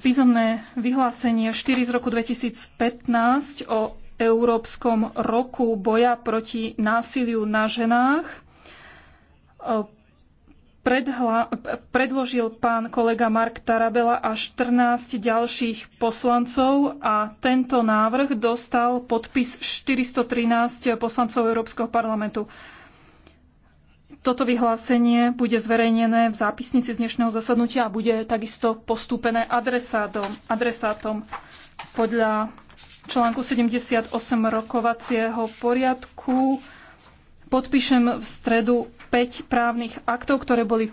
písomné vyhlásenie 4 z roku 2015 o Európskom roku boja proti násiliu na ženách Predhla, predložil pán kolega Mark Tarabela a 14 ďalších poslancov a tento návrh dostal podpis 413 poslancov Európskeho parlamentu. Toto vyhlásenie bude zverejnené v zápisnici z dnešného zasadnutia a bude takisto postúpené adresátom. adresátom. Podľa článku 78 rokovacieho poriadku podpíšem v stredu 5 právnych aktov, ktoré boli